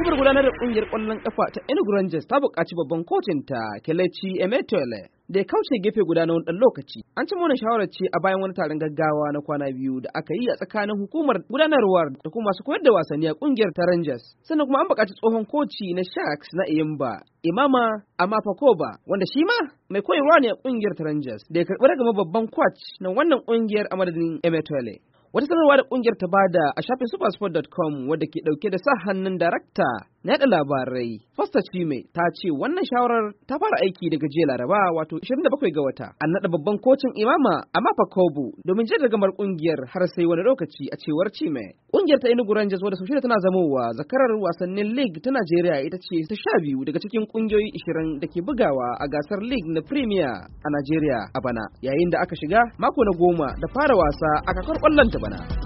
Hukumar gudanar da kungiyar ƙwallon ƙafa ta Enugu Rangers ta buƙaci babban kocin ta Kelechi Emetole da ya kauce gefe guda na wani ɗan lokaci. An ci mana shawarar ce a bayan wani taron gaggawa na kwana biyu da aka yi a tsakanin hukumar gudanarwar da kuma masu koyar da wasanni a kungiyar ta Rangers. Sannan kuma an buƙaci tsohon koci na Sharks na Iyimba Imama Amafakoba wanda shi ma mai koyarwa ne a kungiyar ta Rangers da ya karɓi daga babban kwac na wannan kungiyar a madadin Emetole. Wata sanarwa da kungiyar ta bada a shafin supersport.com wadda ke dauke da sa hannun darakta Na yada labarai Fosta Chime ta ce wannan shawarar ta fara aiki daga jiya Laraba wato 27 ga wata. An naɗa babban kocin Imama Amafa Kobo domin jin gamar kungiyar har sai wani lokaci a cewar Chime. Kungiyar ta Enugu Rangers wadda sau tana zamowa zakarar wasannin League ta Najeriya ita ce ta sha biyu daga cikin kungiyoyi 20 da ke bugawa a gasar League na Premier a Najeriya a bana yayin da aka shiga mako na goma da fara wasa a kakar kwallon ta bana.